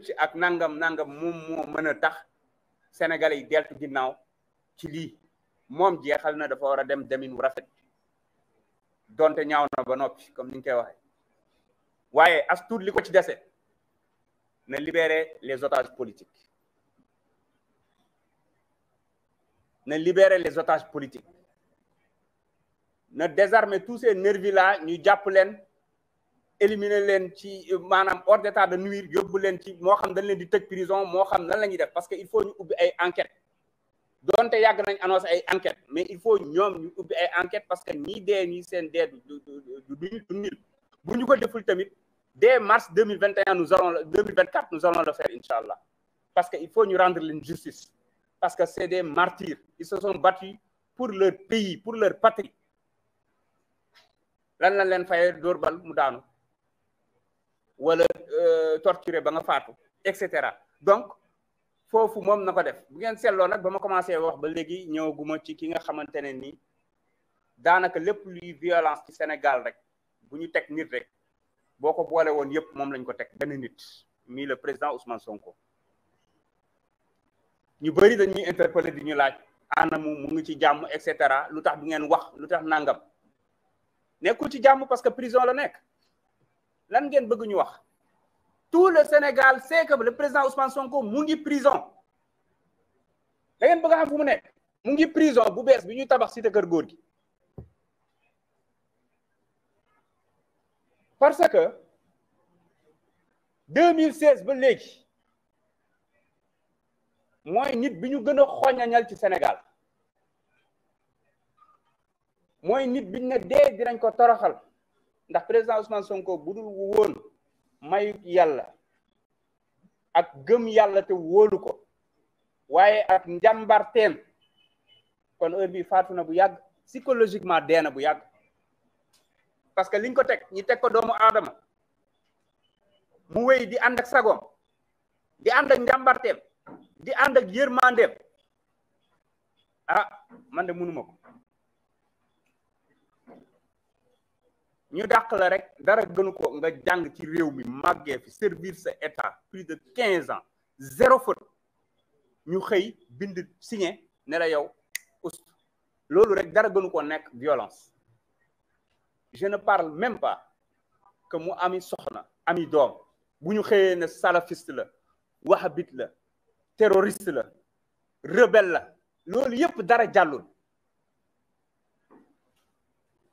ci ak nangam nangam moom mën a tax sénégalais yi deltu ginnaaw ci lii moom jeexal na dafa war a dem demin wu rafet donte ñaaw na ba noppi comme ni ñu koy waxee waaye as tuut li ko ci dese na libérer les otages politiques na libérer les otages politiques na désarmer tous ces nervis là ñu jàpp leen éliminer leen ci euh, maanaam hors d'état de nuire yóbbu leen ci moo xam dañ leen di tëj prison moo xam lan la ñuy def parce que il faut ñu ubbi ay enquête doonte yàgg nañ annoncé ay enquête mais il faut ñoom ñu ubbi ay enquête parce que ñii dee ñi seen dee du du du nil bu ñu ko deful tamit dès mars 2021 nous allons le 2024 nous allons le faire incha allah parce que il faut ñu rendre leen justice parce que c'est des martyrs ils se son battus pour leur pays pour leur patrie lan lañ leen fayee dóor bal mu daanu wala euh, torturé ba nga faatu et cetera donc foofu moom na ko def bu ngeen seetloo nag ba ma commencé wax ba léegi ñëwaguma ci ki nga xamante ne nii daanaka lépp luy violence ci Sénégal rek bu ñu teg nit rek boo ko boole woon yëpp moom lañ ko teg benn nit mii le président Ousmane Sonko ñu bëri dañuy interpellé di ñu laaj anamu mu mu ngi ci jàmm et cetera lu tax bu ngeen wax lu tax nangam nekkul ci jàmm parce que prison la nekk lan ngeen bëgg ñu wax tout le Sénégal sait ba le président Ousmane Sonko mu ngi prison da ngeen bëgg a xam fu mu nekk mu ngi prison bu bees bi ñuy tabax cité kër góor gi parce que 2016 ba léegi mooy nit bi ñu gën a xoñañal ci Sénégal mooy nit ñu ne dee dinañ ko toroxal ndax président Ousmane Sonko bu dul woon mayu yàlla ak gëm yàlla te wóolu ko waaye ak njàmbarteem kon heure bi faatu na bu yàgg psychologiquement dee na bu yàgg parce que liñ ko teg ñi teg ko doomu aadama mu wéy di ànd ak sagoom di ànd ak njàmbarteem di ànd ak yërmandeem ah man de mënuma ko ñu dàq la rek dara gënu ko nga jàng ci réew mi màggee fi servir sa état plus de quinze ans zéro faute ñu xëy bind signé ne la yow ust loolu rek dara gënu ko nekk violence je ne parle même pas que mu ami soxna ami doom bu ñu xëyee ne salafiste la wahhabite la terroriste la rebelle la loolu yépp dara jàllul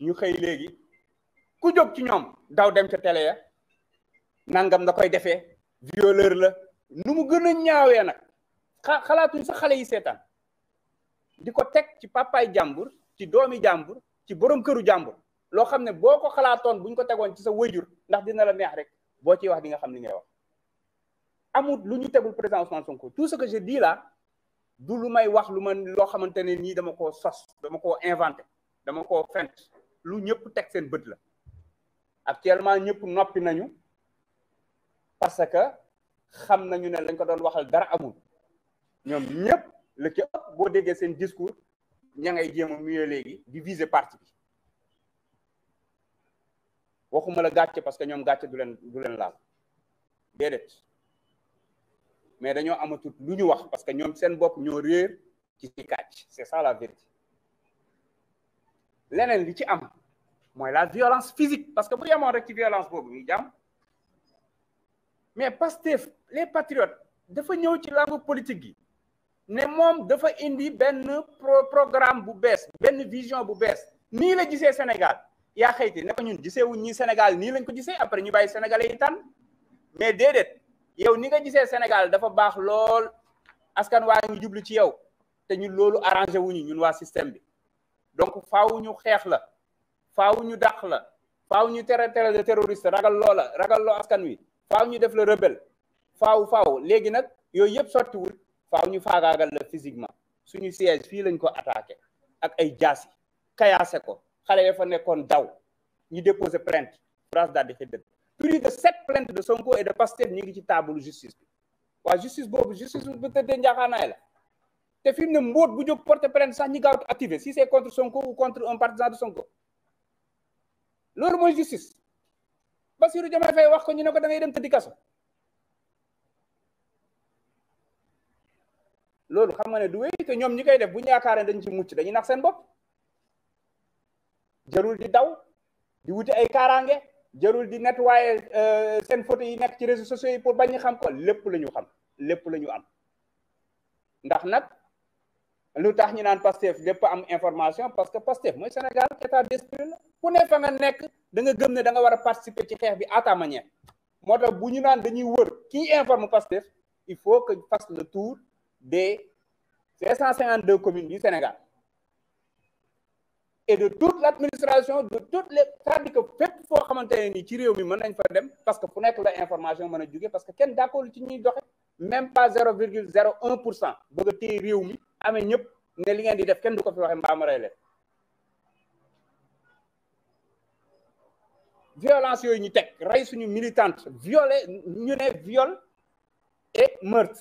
ñu xëy léegi ku jóg ci ñoom daw dem ca télé ya nangam la koy defee violeur la nu mu gën a ñaawee nag xa xalaatuñ sa xale yi seetaan di ko teg ci pàppaay jàmbur ci doomi jàmbur ci borom këru jàmbur loo xam ne boo ko xalaatoon buñ ko tegoon ci sa wéjur ndax dina la neex rek boo ciy wax di nga xam li ngay wax amul lu ñu tegul président Ousmane Sonko tout ce que je dis là du lu may wax lu ma loo xamante ne nii dama koo sos dama koo inventé dama koo fent lu ñëpp teg seen bët la actuellement ñëpp noppi nañu parce que xam nañu ne lañ ko doon waxal dara amul ñoom ñëpp la ci ëpp boo déggee seen discours ña ngay jéem a léegi di viser parti bi waxuma la gàcce parce que ñoom gàcce du leen du leen laal déedéet mais dañoo amatut lu ñu wax parce que ñoom seen bopp ñoo réer ci si kàcc c'est ça la vérité leneen li ci am mooy la violence physique parce que bu yemoon rek ci violence boobu ñuy jàmm mais Pastef les patriotes dafa ñëw ci langue politique yi ne moom dafa indi benn programme bu bees benn vision bu bees nii la gisee Sénégal yaa xëyti ne ko ñun gisee wuñ ñi Sénégal nii lañ ko gisee après ñu bàyyi sénégalais yi tànn mais déedéet yow ni nga gisee Sénégal dafa baax lool askan waa ngi jublu ci yow te ñun loolu arrangé ñu ñun waa système bi donc faw ñu xeex la faaw ñu dàq la faaw ñu tere tere de terroriste ragal loola ragal loo askan wi faaw ñu def la rebelle faaw faaw léegi nag yooyu yëpp sottiwul faaw ñu faagaagal la physiquement suñu siège fii lañ ko attaqué ak ay jaasi kayaase ko xale ya fa nekkoon daw ñu déposé plainte France daal di xëddët plus de sept plaintes de Sonko et de Pastef ñu ngi ci table justice bi waa justice boobu justice bu tëddee njaaxaanaay la te fi mu ne mbóot bu jóg porte loolu mooy justice Bassirou Diomaye Faye wax ko ñu ne ko da ngay dem tëddi kaso loolu xam nga ne du wéy te ñoom ñi koy def bu ñu yaakaaree dañ ci mucc dañuy nax seen bopp jarul di daw di wuti ay kaaraange jarul di nettoyer euh, seen photo yi nekk ci réseaux sociaux yi pour bañ ñu xam ko lépp la ñu xam lépp la ñu am ndax nag lu tax ñu naan Pastef lépp am information parce que Pastef mooy Sénégal état d'esprit la ku ne fa nga nekk da nga gëm ne da nga war a participer ci xeex bi à ta moo tax bu ñu naan dañuy wër kii informe Pastef il faut que fasse le tour des 552 communes du Sénégal et de toute l'administration de toutes les c'est-à-dire que xamante ne ci réew mi mën nañ fa dem parce que fu nekk la information mën a jóge parce que kenn d'accord ci ñuy doxe même pas zéro virgule zéro un pour cent bëgg a téye réew mi amee ñëpp ne li ngeen di def kenn du ko fi waxe mbaamaray violence yooyu ñu teg ray suñu militante viole ñu ne viol et meurtre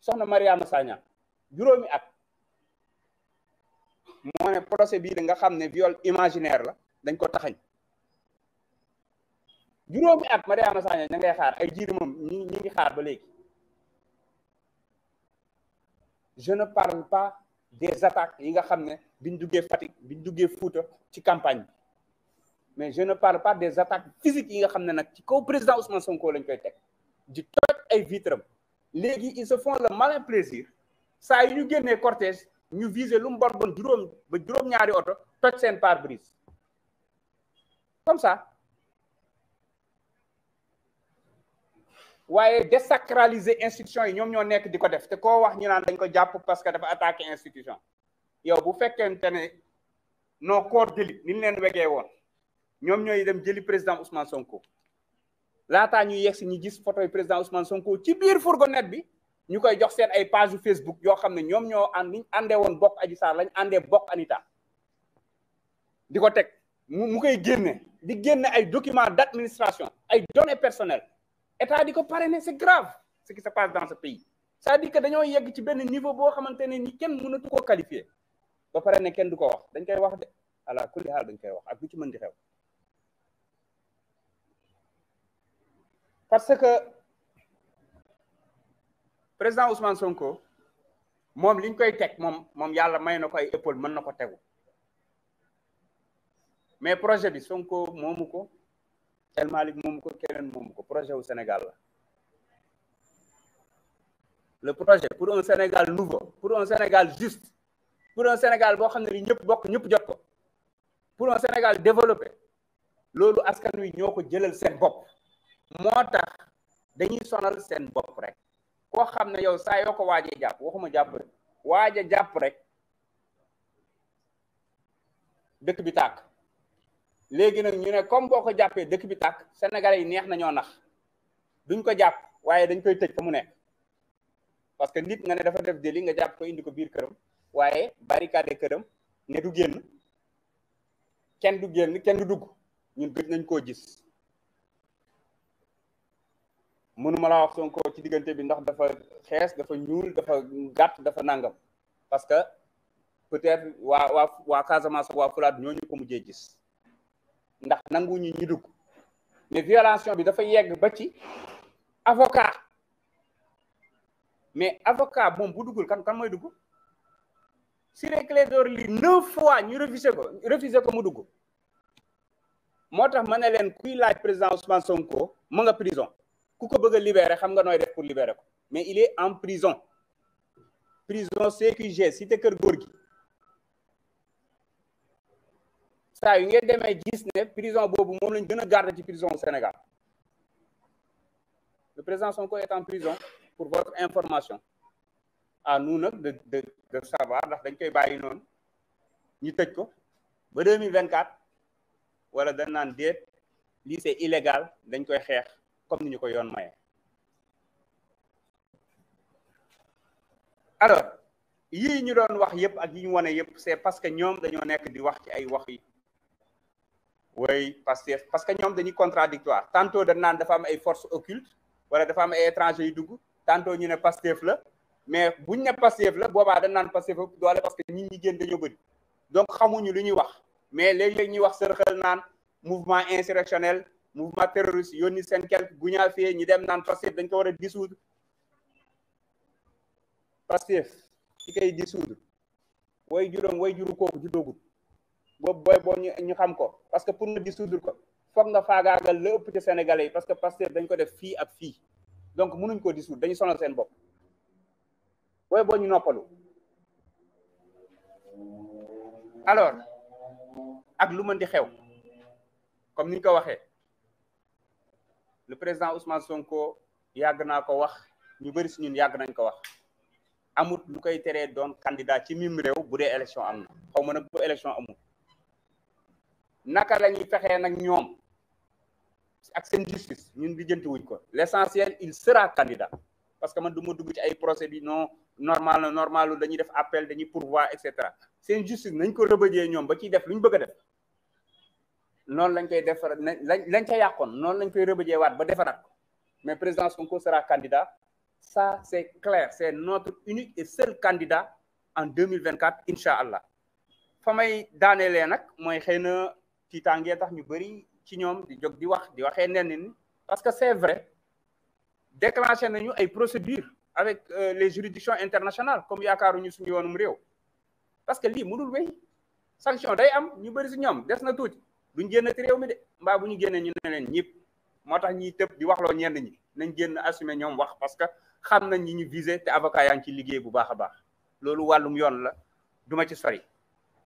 soxna Mariama Sagna juróomi at moo ne procès bii da nga xam ne viol imaginaire la dañ ko taxañ juróomi at Mariama Sagna ña ngay xaar ay jiir moom ñi ñi xaar ba léegi je ne parle pas des attaques yi nga xam ne biñ duggee Fatick biñ duggee Fouta ci campagne bi mais je ne parle pas des attaques physiques yi nga xam ne nag ci kaw président Ousmane Sonko lañ koy ay vitram léegi ils se le malin plaisir saa yu ñu génnee cortège ñu viser lu mu juróom ba juróom oto toj seen pare-brise comme ça waaye désacraliser institution yi ñoom ñoo nekk di ko def te koo wax ñu naan dañ ko jàpp parce que dafa attaque institution yow bu fekkente ne nos corps d'élite ni leen wegee woon ñoom ñooy dem jëli président Ousmane Sonko laataa ñuy yegg si ñu gis photo yi président Ousmane Sonko ci biir fourgonnette bi ñu koy jox seen ay page Facebook yoo xam ne ñoom ñoo ànd niñ àndee woon bokk Adji Sarr lañ àndee bokk Anita di ko teg mu mu koy génne di génne ay documents d'administration ay données personnelles état di ko parrainer c'est grave ce qui se passe dans ce pays cest à dañoo yegg ci benn niveau boo xamante ne ni kenn mënatu koo qualifier ba pare ne kenn du ko wax dañ koy wax de ala kulli dañ koy wax ak lu ci mën di xew parce que président Ousmane Sonko moom liñ koy teg moom moom yàlla may na ko ay épaule mën na ko tegu mais projet bi Sonko moomu ko El li moom ko keneen moomu ko projet wu Sénégal la le projet pour un Sénégal nouveau pour un Sénégal juste pour un Sénégal boo xam ne ni ñëpp bokk ñëpp jot ko pour un Sénégal développé loolu askan wi ñoo ko jëlal seen bopp moo tax dañuy sonal seen bopp rek koo xam ne yow saa yoo ko waajee jàpp waxuma jàpp rek waaja jàpp rek dëkk bi tàkk léegi nag ñu ne comme boo ko jàppee dëkk bi tàkk sénégalais yi neex nañoo ñoo nax duñ ko jàpp waaye dañ koy tëj fa mu nekk parce que nit nga ne dafa def délit nga jàpp ko indi ko biir këram waaye barricade këram ne du génn kenn du génn kenn du dugg ñun gëj nañ koo gis mënuma laa wax Sonko ci diggante bi ndax dafa xees dafa ñuul dafa gàtt dafa nangam parce que peut-être waa waa waa Casamance waa Fulaat ñooñu ko mujjee gis ndax nanguñu ñu dugg mais violation bi dafa yegg ba ci avocat mais avocat moom bu duggul kan kan mooy dugg Ciré Clédor Ly neuf fois ñu refusé ko refusé ko mu dugg moo tax ma ne leen kuy laaj président Ousmane Sonko mu nga prison ku ko bëgg a xam nga nooy def pour libérer ko mais il est en prison prison si cité Kër Góor gi saa yu ngeen demee gis ne prison boobu moom lañ gën a garder ci prison Sénégal le président Sonko est en prison pour votre information à nous nag de de savoir ndax dañ koy bàyyi noonu ñu tëj ko ba deux mille vingt quatre wala dañ naan déet lii c'est illégal dañ koy xeex. comme ni ñu ko yoon maye alors yii ñu doon wax yëpp ak yi ñu wane yëpp c'est parce que ñoom dañoo nekk di wax ci ay wax yi way Pastef parce que ñoom dañuy contradictoire tantôt dañ naan dafa am ay forces occultes wala dafa am ay étrangers yu dugg tantôt ñu ne Pastef la mais bu buñ ne Pastef la boobaa dañ naan Pastef doole parce que nit ñi génn dañoo bëri donc xamuñu lu ñuy wax mais léeg-léeg ñuy wax sërxal naan mouvement insurrectionnel mouvement yoon yónni seen quelque guñaafee ñi dem naan Pastef dañ ko war a dissoudre Pastef ci kay dissoudre way juróom way juru kooku juddoogul boobu booy boo ñu xam ko parce que pour nga dissoudre ko foog nga faagaagal la ëpp ci sénégalais yi parce que Pastef dañ ko def fii ak fii donc mënuñ koo dissoudre dañu sonal seen bopp booy boo ñu noppalu alors ak lu ma di xew comme ni ko waxee le président Ousmane Sonko yàgg naa ko wax ñu bëri si ñun yàgg nañ ko wax amut lu koy teree doon candidat ci mim réew bu dee élection am na xaw ma nag bu élection amul naka la ñuy fexee nag ñoom ak seen justice ñun lijjanti wuñ ko l' essentiel il sera candidat parce que man du ma dugg ci ay procès bi non normal na normal dañuy def appel dañuy pourvoi et cetera seen justice nañ ko rëbëjee ñoom ba ciy def lu ñu bëgg a def noonu lañ koy defar lañ lañ ca yàqoon noonu lañ koy rëbëjee waat ba defaraat ko mais président Sonko sera candidat ça c' est clair c' notre unique et seul candidat en 2024 incha allah fa may daanelee nag mooy xëy na tiitaangee tax ñu bëri ci ñoom di jóg di wax di waxee nenn ni parce que c' est vrai déclenché nañu ay procédures avec euh, les juridictions internationales comme yaakaaruñu suñu yoonum réew parce que lii mënul wéy sanction day am ñu bëri si ñoom des na tuuti duñ génnati réew mi de mbaa bu ñu génnee ñu ne leen ñëpp moo tax ñiy tëb di waxloo ñenn ñi nañ génn assumer ñoom wax parce que xam nañ ñi ñu visé te avocat yaa ngi ci liggéey bu baax a baax loolu wàllum yoon la duma ci sori